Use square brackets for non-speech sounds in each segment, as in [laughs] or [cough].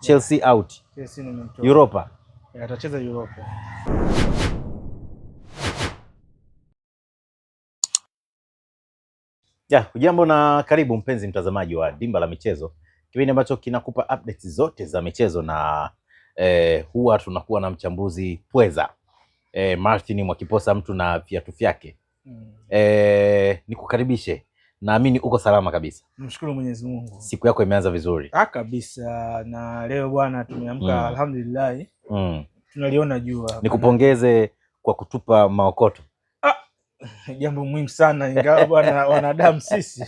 Chelsea out. Chelsea nimemtoa. Europa. Yeah, atacheza Europa. Ya, ujambo na karibu mpenzi mtazamaji wa Dimba la Michezo, kipindi ambacho kinakupa updates zote za michezo na eh, huwa tunakuwa na mchambuzi pweza eh, Martin Mwakiposa mtu na viatu vyake mm. Eh, nikukaribishe naamini uko salama kabisa. Mshukuru Mwenyezi Mungu, siku yako imeanza vizuri ah, kabisa. Na leo bwana, tumeamka mm. Alhamdulillah mm. tunaliona jua. Nikupongeze kwa kutupa maokoto ah, jambo muhimu sana, ingawa bwana, [laughs] wanadamu sisi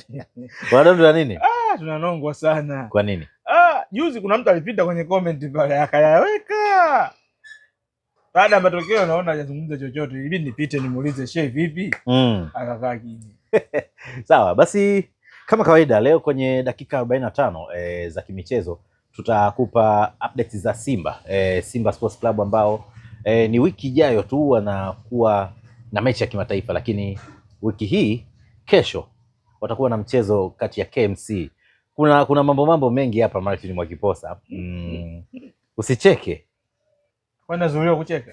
wanadamu tuna nini ah, tunanongwa sana. Kwa nini? Ah, juzi kuna mtu alipita kwenye comment pale akayaweka baada ya matokeo, naona hajazungumza chochote, Hivi nipite nimuulize shehe, vipi? mm. akakaa kimya [laughs] Sawa, basi kama kawaida leo kwenye dakika 45 e, eh, za kimichezo tutakupa updates za Simba e, Simba Sports Club ambao e, ni wiki ijayo tu wanakuwa na mechi ya kimataifa, lakini wiki hii kesho watakuwa na mchezo kati ya KMC. Kuna kuna mambo mambo mengi hapa Martin Mwakiposa, mm, usicheke wanazuiliwa kucheka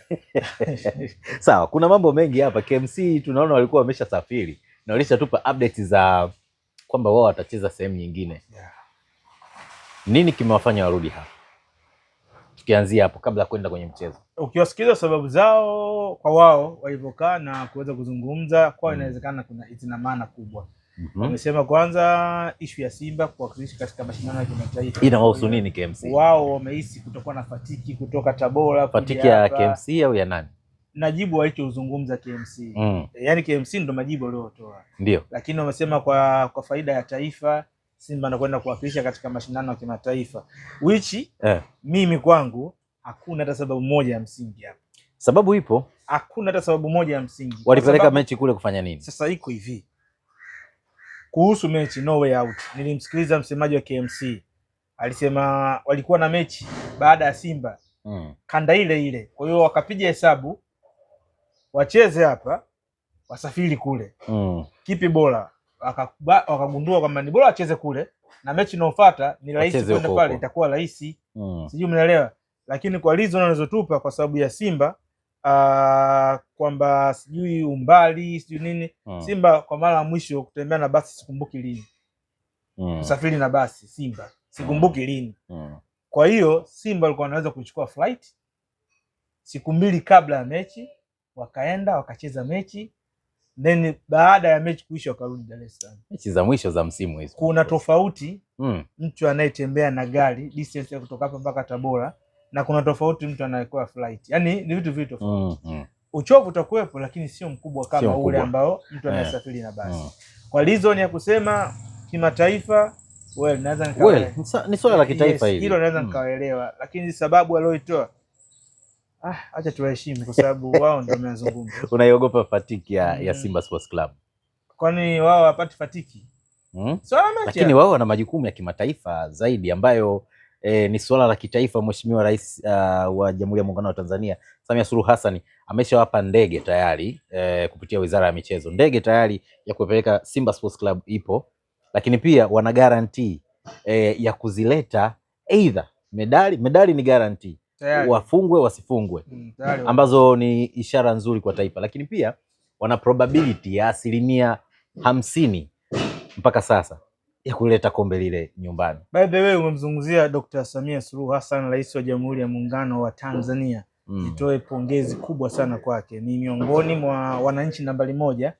[laughs] sawa, kuna mambo mengi hapa KMC, tunaona walikuwa wameshasafiri na walishatupa update za kwamba wao watacheza sehemu nyingine yeah. Nini kimewafanya warudi hapa? Tukianzia hapo kabla ya kwenda kwenye mchezo, ukiwasikiliza sababu zao kwa wao walivyokaa na kuweza kuzungumza kwao, mm. inawezekana kuna itina maana kubwa. Mhm. Wamesema kwanza, ishu ya Simba kuwakilisha katika mashindano ya kimataifa inawahusu nini KMC? Wao wamehisi kutokuwa na fatiki kutoka Tabora. Fatiki ya KMC au ya nani? najibu alichozungumza KMC mm. Yaani KMC ndo majibu waliotoa, ndio, lakini wamesema kwa kwa faida ya taifa Simba anakwenda kuwakilisha katika mashindano ya kimataifa which eh, mimi kwangu hakuna hata sababu moja ya msingi hapo. Sababu ipo, hakuna hata sababu moja ya msingi. Walipeleka mechi kule kufanya nini? Sasa iko hivi kuhusu mechi, no way out. Nilimsikiliza msemaji wa KMC alisema walikuwa na mechi baada ya Simba mm. kanda ile ile, kwa hiyo wakapiga hesabu wacheze hapa wasafiri kule mm. Kipi bora? Wakagundua kwamba ni bora wacheze kule na mechi inayofuata ni rahisi kwenda pale, itakuwa rahisi mm. Sijui mnaelewa, lakini kwa lizo anazotupa kwa sababu ya Simba uh, kwamba sijui umbali sijui nini mm. Simba kwa mara ya mwisho kutembea na basi sikumbuki lini mm. Usafiri na basi Simba sikumbuki lini mm. Kwa hiyo Simba alikuwa anaweza kuchukua flight siku mbili kabla ya mechi wakaenda wakacheza mechi then baada ya mechi kuisha wakarudi Dar es Salaam. Mechi za mwisho za msimu hizo kuna tofauti mm. Mtu anayetembea na gari distance ya kutoka hapa mpaka Tabora na kuna tofauti mtu anayekuwa flight, yaani ni vitu vitu tofauti mm, mm. Uchovu utakuwepo lakini sio mkubwa kama sio ule ambao mtu eh. anayesafiri yeah. na basi mm. Kwa reason ya kusema kimataifa well, naweza nikawa well, ni swala la kitaifa yes, hili hilo naweza hmm. nikawaelewa mm. lakini sababu aliyoitoa ah, Acha tuwaheshimu kwa sababu wao ndio wamezungumza. [laughs] Unaiogopa fatiki ya, mm. ya Simba Sports Club? Kwani wao hawapati fatiki mm? so, lakini wao wana majukumu ya kimataifa zaidi ambayo eh, ni suala la kitaifa. Mheshimiwa Rais uh, wa Jamhuri ya Muungano wa Tanzania Samia Suluhu Hassan ameshawapa ndege tayari eh, kupitia Wizara ya Michezo, ndege tayari ya kuipeleka Simba Sports Club ipo, lakini pia wana guarantee eh, ya kuzileta aidha medali, medali ni guarantee Tayari. Wafungwe wasifungwe, mm, Tayari. ambazo ni ishara nzuri kwa taifa, lakini pia wana probability ya asilimia hamsini mpaka sasa ya kuleta kombe lile nyumbani. By the way, umemzungumzia Dr. Samia Suluhu Hassan, rais wa Jamhuri ya Muungano wa Tanzania. Mm. Nitoe pongezi kubwa sana kwake. Ni miongoni mwa wananchi nambari moja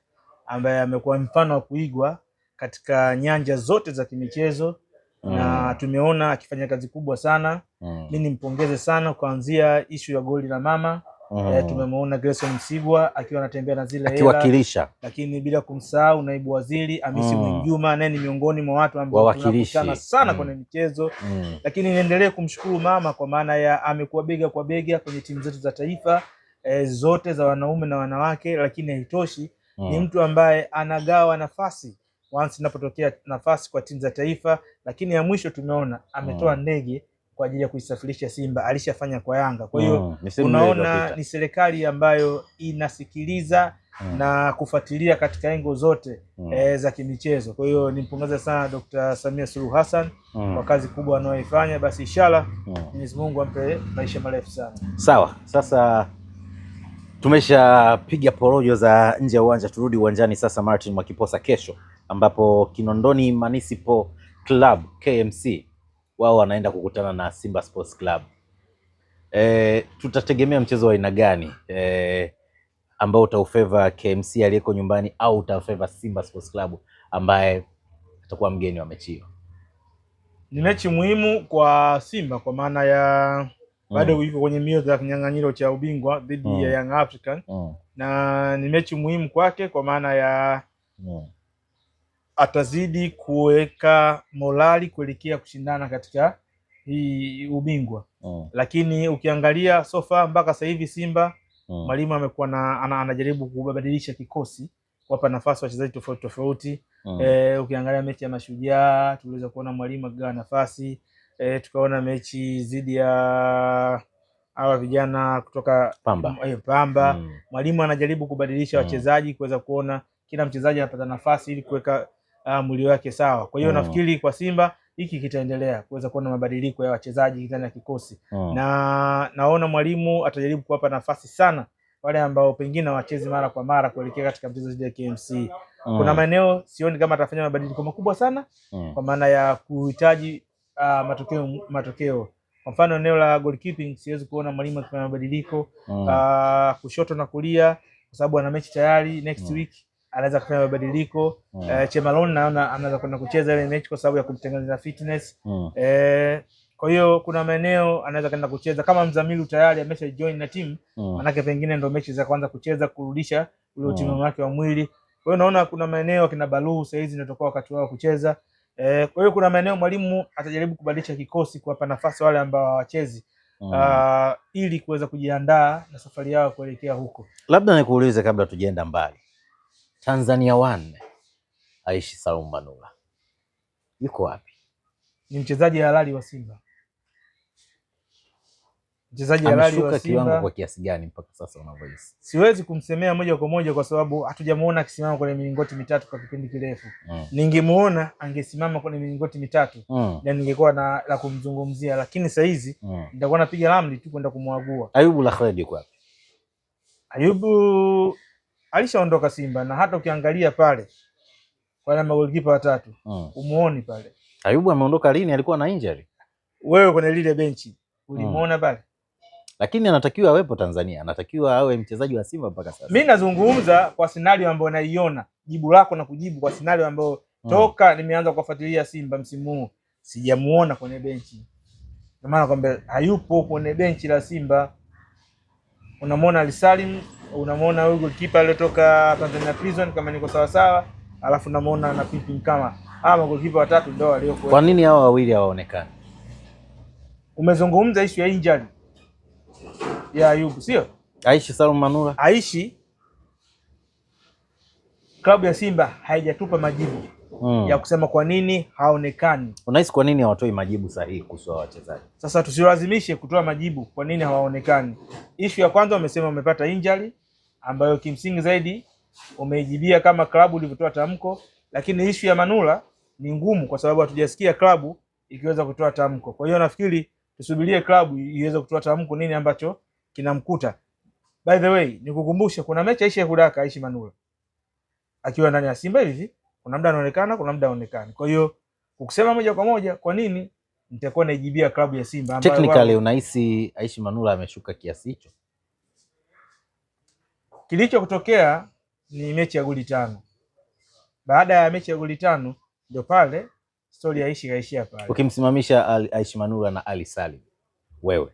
ambaye amekuwa mfano wa kuigwa katika nyanja zote za kimichezo mm. na tumeona akifanya kazi kubwa sana mm. mi nimpongeze sana kuanzia ishu ya goli la mama mm. E, tumemwona Gerson Msigwa akiwa anatembea na zile akiwakilisha, lakini bila kumsahau naibu waziri Amisi mm. Mwinjuma, naye ni miongoni mwa watu ambao tunakutana sana mm. kwenye michezo mm. lakini niendelee kumshukuru mama kwa maana ya amekuwa bega kwa bega kwenye timu zetu za taifa e, zote za wanaume na wanawake, lakini haitoshi mm. ni mtu ambaye anagawa nafasi once inapotokea nafasi kwa timu za taifa. Lakini ya mwisho tumeona ametoa mm. ndege kwa ajili ya kuisafirisha Simba, alishafanya kwa Yanga. Kwa hiyo mm, unaona ni serikali ambayo inasikiliza mm, na kufuatilia katika engo zote mm, e, za kimichezo. Kwa hiyo nimpongeza sana Dr. Samia Suluhu Hassan mm, kwa kazi kubwa anayoifanya. Basi inshallah mm. Mwenyezi mm, Mungu ampe maisha marefu sana. Sawa, sasa tumeshapiga porojo za nje ya uwanja, turudi uwanjani sasa. Martin Mwakiposa, kesho ambapo Kinondoni Municipal Club KMC wao wanaenda kukutana na Simba Sports Club. E, tutategemea mchezo wa aina gani e, ambao utaufeva KMC aliyeko nyumbani au utaufeva Simba Sports Club ambaye atakuwa mgeni wa mechi hiyo? Ni mechi muhimu kwa Simba kwa maana ya mm. bado mm. iko kwenye mio za kinyang'anyiro cha ubingwa dhidi mm. ya Young African mm. na ni mechi muhimu kwake kwa maana ya mm atazidi kuweka morali kuelekea kushindana katika hii ubingwa mm. Lakini ukiangalia sofa mpaka sasa hivi Simba mm. mwalimu amekuwa na ana, anajaribu kubadilisha kikosi kuwapa nafasi wachezaji tofauti tofauti mm. E, ukiangalia mechi ya Mashujaa tuliweza kuona mwalimu akigawa nafasi e, tukaona mechi dhidi ya hawa vijana kutoka Pamba, eh, Pamba. Mm. mwalimu anajaribu kubadilisha mm. wachezaji kuweza kuona kila mchezaji anapata nafasi ili kuweka uh, mwili wake sawa. Kwa hiyo mm. nafikiri kwa Simba hiki kitaendelea kuweza kuona mabadiliko ya wachezaji ndani ya kikosi mm. na naona mwalimu atajaribu kuwapa nafasi sana wale ambao pengine hawachezi mara kwa mara kuelekea katika mchezo dhidi ya KMC. Mm. Oh. Kuna maeneo sioni kama atafanya mabadiliko makubwa sana mm. kwa maana ya kuhitaji uh, matokeo matokeo. Kwa mfano eneo la goalkeeping siwezi kuona mwalimu akifanya mabadiliko mm. uh, kushoto na kulia kwa sababu ana mechi tayari next mm. week anaweza kufanya mabadiliko mm. E, Chemalon naona anaweza kwenda kucheza ile mechi kwa sababu ya kumtengeneza fitness mm. E, kwa hiyo kuna maeneo anaweza kwenda kucheza kama mzamili tayari amesha join na timu mm. Manake pengine ndio mechi za kwanza kucheza kurudisha ule utimamu mm. wake wa mwili. Kwa hiyo naona kuna maeneo kina Balu saa hizi natoka wakati wao kucheza e, kwa hiyo kuna maeneo mwalimu atajaribu kubadilisha kikosi kuwapa nafasi wale ambao hawachezi Mm. Uh, ili kuweza kujiandaa na safari yao kuelekea huko. Labda nikuulize kabla tujaenda mbali, Tanzania wanne Aishi Salum Manula yuko wapi? Ni mchezaji halali wa Simba. Mchezaji halali wa Simba. Kiwango kwa kiasi gani mpaka sasa unavyohisi? Siwezi kumsemea moja kwa moja kwa sababu hatujamuona akisimama kwenye milingoti mitatu kwa kipindi kirefu. Mm. Ningemuona angesimama kwenye milingoti mitatu mm. na ningekuwa na la kumzungumzia, lakini sasa hizi mm. nitakuwa napiga ramli tu kwenda kumwagua. Ayubu la Khredi yuko wapi? Ayubu alishaondoka Simba na hata ukiangalia pale wale magolikipa watatu mm. umuoni pale. Ayubu ameondoka lini? Alikuwa na injury. Wewe kwenye lile benchi ulimuona mm. pale, lakini anatakiwa awepo Tanzania, anatakiwa awe mchezaji wa Simba mpaka sasa. Mi nazungumza kwa scenario ambayo naiona, jibu lako na kujibu kwa scenario ambayo mm. toka nimeanza kufuatilia Simba msimu huu sijamuona kwenye benchi, ndio maana kwamba hayupo kwenye benchi la Simba. Unamwona Alisalim unamwona huyu golikipa aliyotoka Tanzania Prison kama niko sawa sawa, alafu namwona na Pipi kama Hawa magolikipa watatu ndio waliokuwa. Kwa nini hawa wawili hawaonekani? Umezungumza issue ya injury ya Ayubu, sio? Aishi Salum Manula. Aishi klabu ya Simba haijatupa majibu hmm. ya kusema kwa nini haonekani. Unahisi kwa nini hawatoi majibu sahihi kuhusu wachezaji? Sasa tusilazimishe kutoa majibu kwa nini hawaonekani. Ishu ya kwanza wamesema wamepata injury, ambayo kimsingi zaidi umeijibia kama klabu ilivyotoa tamko, lakini ishu ya Manula ni ngumu kwa sababu hatujasikia klabu ikiweza kutoa tamko. Kwa hiyo nafikiri tusubirie klabu iweze kutoa tamko nini ambacho kinamkuta. By the way, nikukumbushe kuna mechi aisha Hudaka Aisha Manula akiwa ndani ya Simba hivi, kuna muda anaonekana, kuna muda anaonekana. Kwa hiyo ukisema moja kwa moja, kwa nini nitakuwa naijibia klabu ya Simba ambayo technically unahisi Aisha Manula ameshuka kiasi hicho? Kilichotokea ni mechi ya goli tano. Baada ya mechi ya goli tano ndio pale stori Aishi kaishia pale. Ukimsimamisha okay, Aishi Manula na Ali Salim, wewe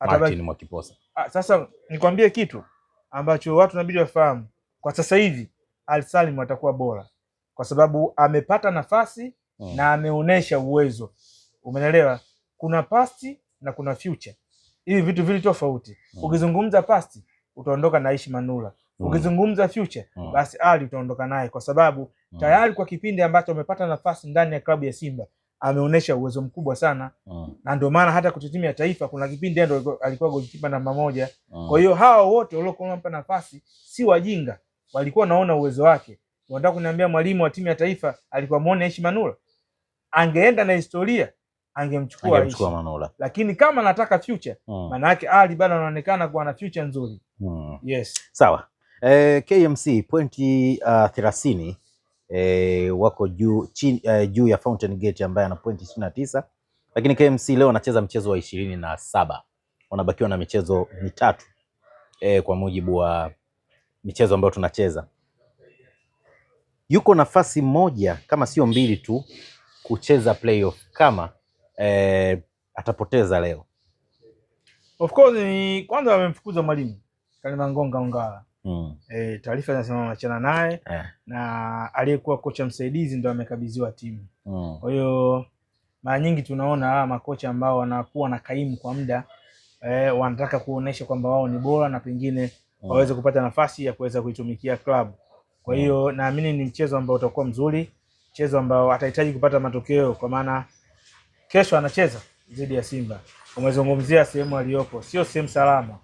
Martin Mwakiposa, ah, sasa nikwambie kitu ambacho watu nabidi wafahamu kwa sasa hivi, Ali Salim atakuwa bora kwa sababu amepata nafasi hmm, na ameonyesha uwezo. Umenelewa, kuna pasti na kuna future. Hivi vitu vili tofauti. Hmm. Ukizungumza pasti utaondoka na Aishi Manula. Mm. Ukizungumza future mm. basi Ali utaondoka naye kwa sababu mm. tayari kwa kipindi ambacho amepata nafasi ndani ya klabu ya Simba ameonyesha uwezo mkubwa sana mm. na ndio maana hata kwenye timu ya taifa kuna kipindi ndio alikuwa golikipa namba moja mm. kwa hiyo hawa wote waliokuwa wampa nafasi si wajinga, walikuwa naona uwezo wake. Wanataka kuniambia mwalimu wa timu ya taifa alikuwa muone Aishi Manula? Angeenda na historia, angemchukua Aishi Manula, lakini kama anataka future mm. maana yake Ali bado anaonekana kuwa na future nzuri Hmm. Yes. Sawa. E, eh, KMC pointi uh, thelathini e, wako juu chini, uh, juu ya Fountain Gate ambaye ana pointi ishirini na tisa lakini KMC leo anacheza mchezo wa ishirini na saba wanabakiwa na michezo mitatu e, kwa mujibu wa michezo ambayo tunacheza yuko nafasi moja kama sio mbili tu kucheza playoff kama e, atapoteza leo. Of course ni kwanza wamemfukuza mwalimu Salma Ngonga Ongala mm. E, taarifa zinasema wameachana naye eh. Na aliyekuwa kocha msaidizi ndo amekabidhiwa timu mm. Kwa hiyo mara nyingi tunaona hawa makocha ambao wanakuwa na kaimu kwa muda e, wanataka kuonesha kwamba wao ni bora na pengine mm. waweze kupata nafasi ya kuweza kuitumikia klabu. Kwa mm. hiyo mm. naamini ni mchezo ambao utakuwa mzuri, mchezo ambao atahitaji kupata matokeo kwa maana kesho anacheza dhidi ya Simba. Umezungumzia sehemu aliyopo, sio sehemu salama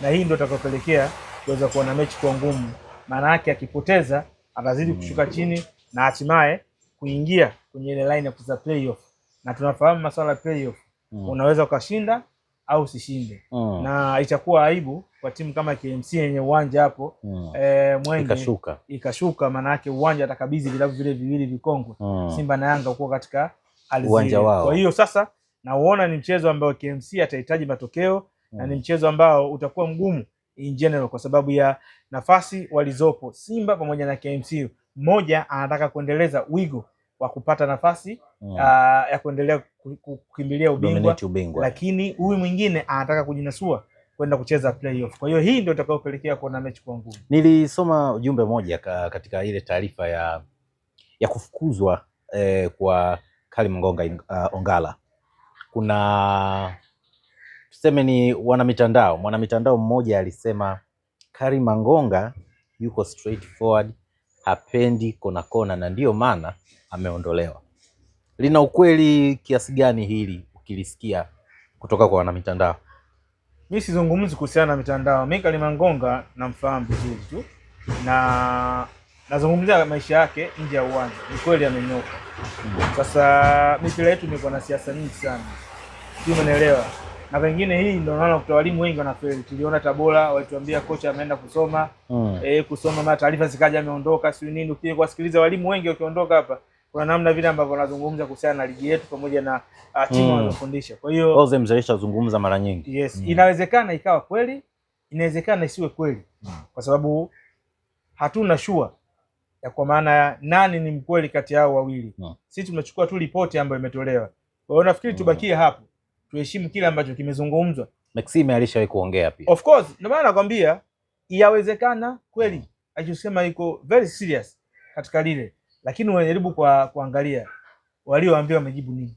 na hii ndio itakayopelekea kuweza kuona mechi kwa ngumu. Maana yake akipoteza atazidi kushuka chini na hatimaye kuingia kwenye ile line ya kuza playoff, na tunafahamu masuala ya playoff mm. unaweza ukashinda au usishinde mm. na itakuwa aibu kwa timu kama KMC yenye uwanja hapo mm. e, Mwenge ikashuka, ikashuka maana yake uwanja atakabidhi vilabu vile viwili vikongwe mm. Simba na Yanga kuwa katika uwanja wao. Kwa hiyo sasa nauona ni mchezo ambao KMC atahitaji matokeo na ni mm. mchezo ambao utakuwa mgumu in general kwa sababu ya nafasi walizopo Simba pamoja na KMC. Mmoja anataka kuendeleza wigo wa kupata nafasi mm. uh, ya kuendelea kukimbilia ubingwa, lakini huyu mwingine anataka kujinasua kwenda kucheza playoff. Kwa hiyo hii ndio itakayopelekea kuona mechi kwa ngumu. Nilisoma ujumbe moja katika ile taarifa ya ya kufukuzwa eh, kwa Kalim Ngonga uh, Ongala kuna tuseme ni wanamitandao, mwanamitandao mmoja alisema Kari Mangonga yuko straightforward, hapendi kona kona, na ndiyo maana ameondolewa. Lina ukweli kiasi gani hili ukilisikia kutoka kwa wanamitandao? Mi sizungumzi kuhusiana na mitandao. Mi Kari Mangonga namfahamu vizuri tu na nazungumzia maisha yake nje ya uwanja. Ni kweli amenyoka. Hmm. Sasa mipira yetu imekuwa na siasa nyingi sana, si umeelewa na pengine hii ndio naona kwa walimu wengi wanafeli. Tuliona Tabora walituambia kocha ameenda kusoma mm. eh, kusoma na taarifa zikaja ameondoka, sio nini. Ukija kuwasikiliza walimu wengi wakiondoka hapa, kuna namna vile ambavyo wanazungumza kuhusiana na ligi yetu pamoja na uh, timu mm. wanazofundisha. Kwa hiyo Oze Mzalisha zungumza mara nyingi. Yes, mm. inawezekana ikawa kweli, inawezekana isiwe kweli mm. kwa sababu hatuna shua ya kwa maana nani ni mkweli kati yao wawili mm. sisi tunachukua tu ripoti ambayo imetolewa. Kwa hiyo nafikiri hmm. tubakie hapo tuheshimu kile ambacho kimezungumzwa. Maxime alishawahi kuongea pia, of course, ndio maana nakwambia yawezekana kweli mm. alichosema iko very serious katika lile, lakini unajaribu kwa kuangalia walioambiwa wamejibu nini,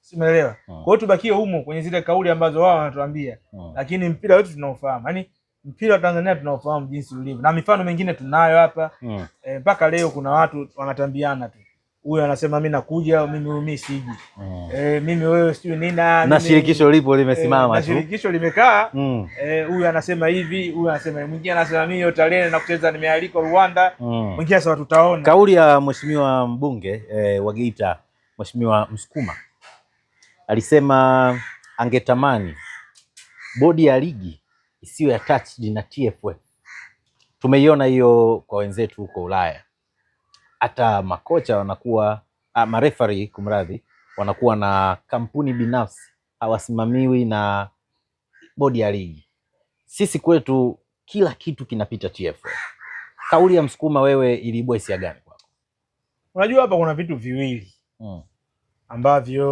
simeelewa. Hmm. Kwa hiyo tubakie humo kwenye zile kauli ambazo wao wanatuambia, hmm. lakini mpira wetu tunaofahamu, yani mpira wa Tanzania tunaofahamu jinsi ulivyo, na mifano mingine tunayo hapa hmm. eh, mpaka mm. E, leo kuna watu wanatambiana tu huyo anasema mi nakuja, mimi huyu mi siji mm. E, mimi wewe sijui nina na shirikisho lipo limesimama eh, tu, shirikisho limekaa mm. E, anasema hivi, huyu anasema mwingine, anasema mimi yotalene na kucheza nimealikwa Rwanda mm. mwingine mm. Sasa tutaona kauli ya mheshimiwa mbunge e, wa Geita mheshimiwa Msukuma alisema angetamani bodi ya ligi isiyo ya na TFF. Tumeiona hiyo kwa wenzetu huko Ulaya hata makocha wanakuwa ah, marefari, kumradhi, wanakuwa na kampuni binafsi, hawasimamiwi na bodi ya ligi. Sisi kwetu kila kitu kinapita TFF. Kauli ya msukuma wewe iliibua hisia gani kwako? Unajua, hapa kuna vitu viwili hmm, ambavyo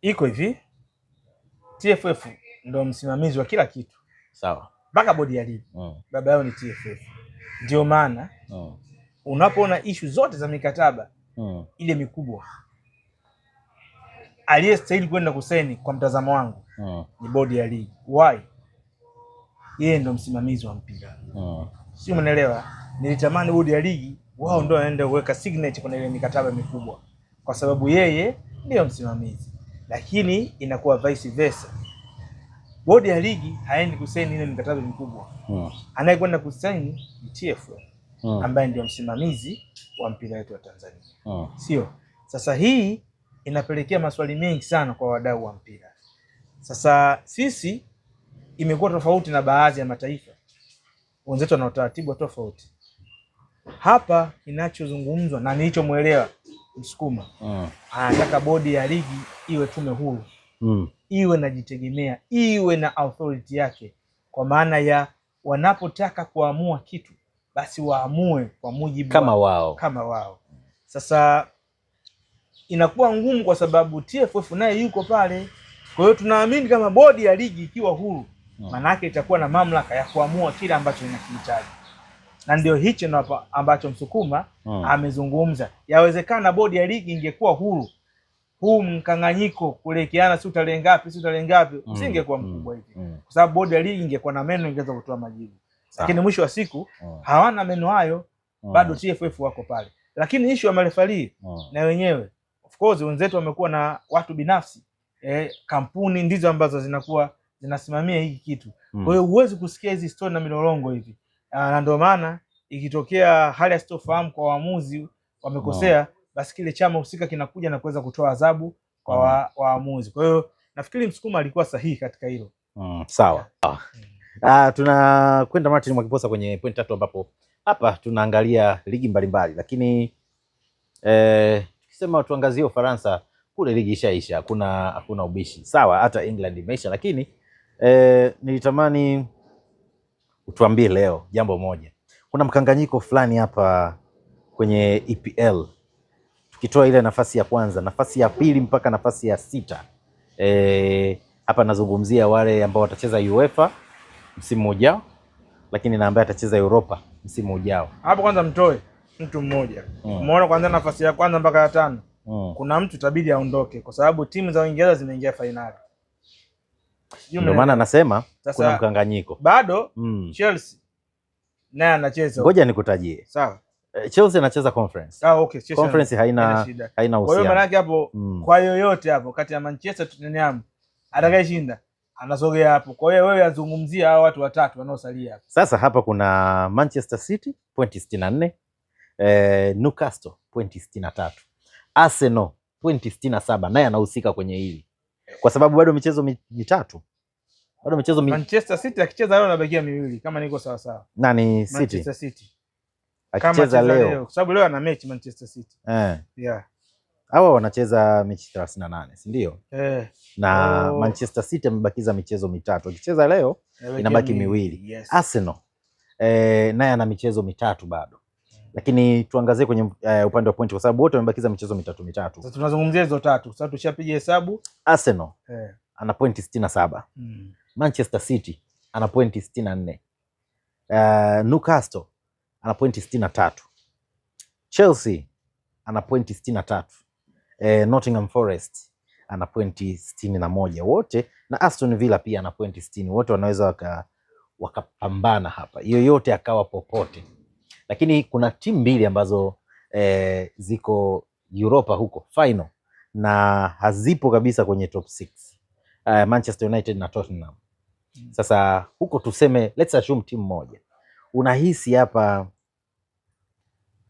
iko hivi, TFF ndo msimamizi wa kila kitu, sawa, mpaka bodi ya ligi hmm, baba yao ni TFF ndio maana oh, unapoona ishu zote za mikataba oh, ile mikubwa aliyestahili kwenda kusaini kwa mtazamo wangu oh, ni bodi ya ligi. Why? Yeye ndo msimamizi wa mpira oh, si mwenelewa Nilitamani bodi ya ligi wao ndo wanaenda kuweka signature kwenye ile mikataba mikubwa, kwa sababu yeye ndiyo msimamizi, lakini inakuwa vice versa. Bodi ya ligi haendi kusaini ile mikataba mikubwa hmm. Anayekwenda kusaini ni TFF hmm. ambaye ndio msimamizi wa mpira wetu wa Tanzania hmm. Sio sasa, hii inapelekea maswali mengi sana kwa wadau wa mpira. Sasa sisi imekuwa tofauti na baadhi ya mataifa wenzetu, wana utaratibu tofauti. Hapa kinachozungumzwa na nilichomwelewa Msukuma hmm. anataka bodi ya ligi iwe tume huru hmm iwe najitegemea, iwe na authority yake, kwa maana ya wanapotaka kuamua kitu basi waamue kwa mujibu kama wao, kama wao. Sasa inakuwa ngumu kwa sababu TFF naye yuko pale. Kwa hiyo tunaamini kama bodi ya ligi ikiwa huru, yake hmm. itakuwa na mamlaka ya kuamua kile ambacho inakihitaji, na ndio hicho ambacho Msukuma hmm. amezungumza. Yawezekana bodi ya ligi ingekuwa huru huu mkanganyiko kulekeana, si utarehe ngapi, si utarehe ngapi, mm, usingekuwa mm, mkubwa hivi mm, kwa sababu bodi ya ligi ingekuwa na meno ingeweza kutoa majibu, lakini mwisho wa siku mm, hawana meno hayo mm, bado TFF wako pale. Lakini ishu ya marefali mm, na wenyewe of course wenzetu wamekuwa na watu binafsi eh, kampuni ndizo ambazo zinakuwa zinasimamia hiki kitu mm. Kwa hiyo huwezi kusikia hizi story na milolongo hivi, ah, na ndio maana ikitokea hali ya sitofahamu kwa waamuzi wamekosea no. Mm basi kile chama husika kinakuja na kuweza kutoa adhabu kwa mm. waamuzi. Kwa hiyo nafikiri Msukuma alikuwa sahihi katika hilo. Mm, sawa. Ah, ah tunakwenda Martin Mwakiposa kwenye point tatu ambapo hapa tunaangalia ligi mbalimbali lakini eh, tukisema eh, tuangazie Ufaransa kule ligi ishaisha, hakuna hakuna ubishi sawa, hata England imeisha, lakini eh, nilitamani utuambie leo jambo moja. Kuna mkanganyiko fulani hapa kwenye EPL tukitoa ile nafasi ya kwanza, nafasi ya pili mpaka nafasi ya sita e, hapa nazungumzia wale ambao watacheza UEFA msimu ujao, lakini na ambaye atacheza Europa msimu ujao. Hapo kwanza mtoe mtu mmoja mm. umeona, mm. Kwanza nafasi ya kwanza mpaka ya tano mm. Kuna mtu itabidi aondoke kwa sababu timu za Uingereza zimeingia fainali, ndio maana anasema kuna mkanganyiko bado mm. Chelsea naye anacheza, ngoja nikutajie sawa Eh, Chelsea anacheza conference. Ah, okay. Chelsea conference haina haina uhusiano. Kwa hiyo maana hapo mm. kwa yoyote hapo kati ya Manchester Tottenham atakayeshinda anasogea hapo. Kwa hiyo wewe azungumzia hao watu watatu wanaosalia hapo. Sasa hapa kuna Manchester City pointi 64, eh, Newcastle pointi 63. Arsenal pointi 67 naye anahusika kwenye hili. Kwa sababu bado michezo mitatu. Bado michezo mi... Manchester City akicheza leo anabakia miwili kama niko sawa sawa. Nani City? Manchester City akicheza leo, kwa sababu leo ana mechi Manchester City eh. yeah. hawa wanacheza mechi thelathini na nane si ndio? eh. na oh. Manchester City amebakiza michezo mitatu, akicheza leo eh, inabaki miwili yes. Arsenal eh, naye ana michezo mitatu bado lakini tuangazie kwenye uh, upande wa pointi kwa sababu wote wamebakiza michezo mitatu mitatu. Sasa tunazungumzia hizo tatu. Sasa tushapiga hesabu. Arsenal eh, ana pointi sitini na saba. Mm. Manchester City ana pointi sitini na nne. Uh, Newcastle ana pointi sitini na tatu. Chelsea ana pointi sitini na tatu. E, Nottingham Forest ana pointi sitini na moja wote na Aston Villa pia ana pointi sitini. Wote wanaweza wakapambana waka hapa, yoyote akawa popote, lakini kuna timu mbili ambazo e, ziko Europa huko final na hazipo kabisa kwenye top 6 uh, eh, Manchester United na Tottenham. Hmm. Sasa huko tuseme, let's assume timu moja, unahisi hapa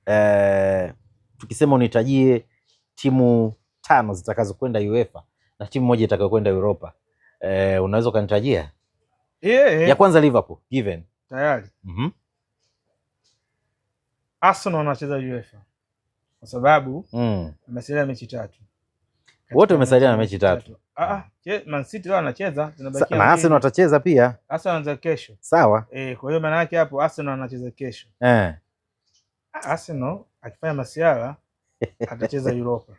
eh, tukisema unitajie timu tano zitakazokwenda UEFA na timu moja itakayokwenda Europa eh, unaweza ukanitajia? yeah, yeah. Ya kwanza Liverpool given tayari. mm -hmm. Arsenal wanacheza UEFA kwa sababu mm. amesalia mechi tatu wote wamesalia na mechi tatu. Ah, ah Man City leo anacheza, na Arsenal pia. Arsenal anacheza kesho, sawa eh. Kwa hiyo maana yake hapo Arsenal anacheza kesho eh Arsenal akifanya masiara [laughs] atacheza Europa.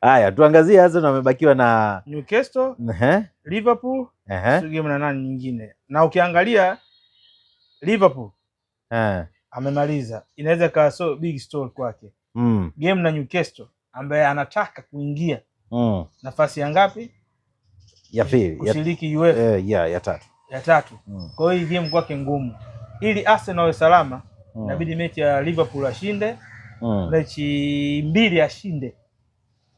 Haya, tuangazie Arsenal amebakiwa na Newcastle, uh -huh. Liverpool, uh -huh. game na nani nyingine, na ukiangalia Liverpool uh -huh. amemaliza, inaweza kawa so big story kwake mm. game na Newcastle ambaye anataka kuingia mm. nafasi ya ngapi? Ya pili, kushiriki UEFA eh, ya tatu, ya tatu. Mm. Kwa hiyo hii game kwake ngumu, ili Arsenal awe salama mm. inabidi mechi ya Liverpool ashinde mm. mechi mbili ashinde,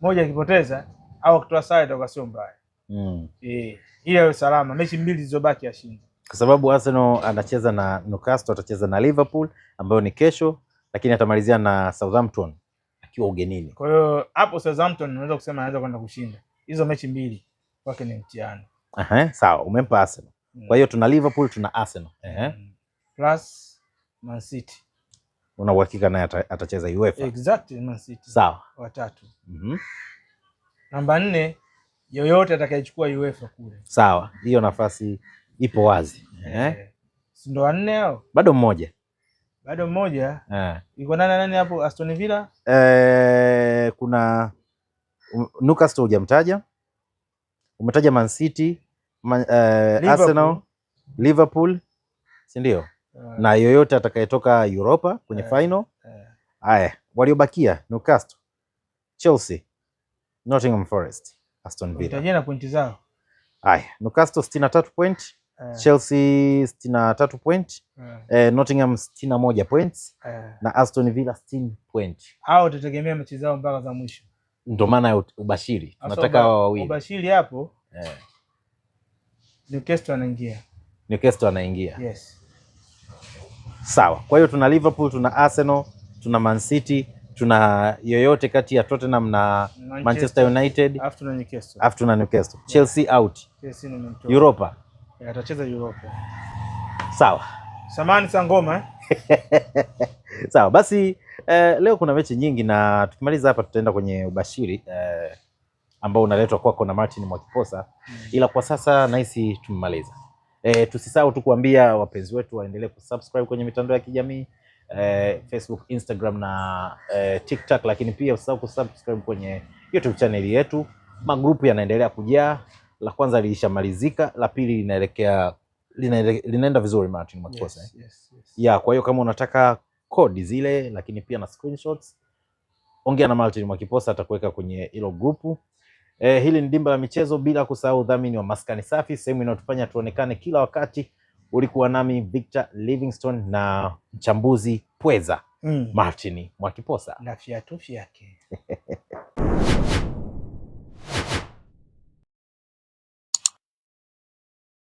moja akipoteza au akitoa sare itakuwa sio mbaya mm. eh, ile salama, mechi mbili zilizobaki ashinde, kwa sababu Arsenal anacheza na Newcastle, atacheza na Liverpool ambayo ni kesho, lakini atamalizia na Southampton akiwa ugenini. Kwa hiyo hapo Southampton unaweza kusema anaweza kwenda kushinda hizo mechi mbili, kwake ni mtihani. Sawa, umempa Arsenal. Hmm. Kwa hiyo tuna Liverpool, tuna Arsenal. Hmm. Plus Man City. Una uhakika naye atacheza UEFA? Exactly, Man City. Sawa. Watatu. Mhm. Mm, namba nne yoyote atakayechukua UEFA kule. Sawa, hiyo nafasi ipo wazi yeah. Eh? Si ndo wanne hao? Bado mmoja. Bado mmoja. Eh. Iko nani nani hapo Aston Villa? Eh, kuna Newcastle hujamtaja. Umetaja Man City, Man, eh, Liverpool. Arsenal, Liverpool, si ndio? Uh, na yoyote atakayetoka Europa kwenye yeah. final. Haya, eh. yeah. waliobakia Newcastle, Chelsea, Nottingham Forest, Aston Villa. Tutajana pointi zao. Haya, Newcastle sitini na tatu point, eh. Chelsea sitini na tatu point, eh, eh Nottingham sitini na moja point na Aston Villa sitini point. Hao tutategemea mechi zao mpaka za mwisho. Ndio maana ya ubashiri Nataka hao wawili. Ubashiri hapo. Yeah. Newcastle anaingia. Newcastle anaingia. Yes sawa. Kwa hiyo tuna Liverpool, tuna Arsenal, tuna Man City, tuna yoyote kati ya Tottenham na Manchester, Manchester United afu na Newcastle, afu tuna Newcastle. Chelsea out, Chelsea Europa atacheza Europa, sawa. Samani Sangoma eh? [laughs] sawa basi. Eh, leo kuna mechi nyingi na tukimaliza hapa tutaenda kwenye ubashiri eh, ambao unaletwa kwako na Martin Mwakiposa, mm. ila kwa sasa nahisi tumemaliza. E, tusisahau tu kuambia wapenzi wetu waendelee kusubscribe kwenye mitandao ya kijamii e, Facebook, Instagram na e, TikTok, lakini pia usisahau kusubscribe kwenye YouTube channel yetu. Magrupu yanaendelea kujaa, la kwanza lilishamalizika, la pili linaelekea linaenda vizuri Martin Yes, yes, yes. Ya, kwa hiyo kama unataka kodi zile lakini pia na screenshots, ongea na Martin Mwakiposa atakuweka kwenye hilo grupu. E, hili ni Dimba la Michezo, bila kusahau udhamini wa maskani safi, sehemu inayotufanya tuonekane kila wakati. Ulikuwa nami Victor Livingstone na mchambuzi pweza mm. Martin Mwakiposa na fiatu [laughs]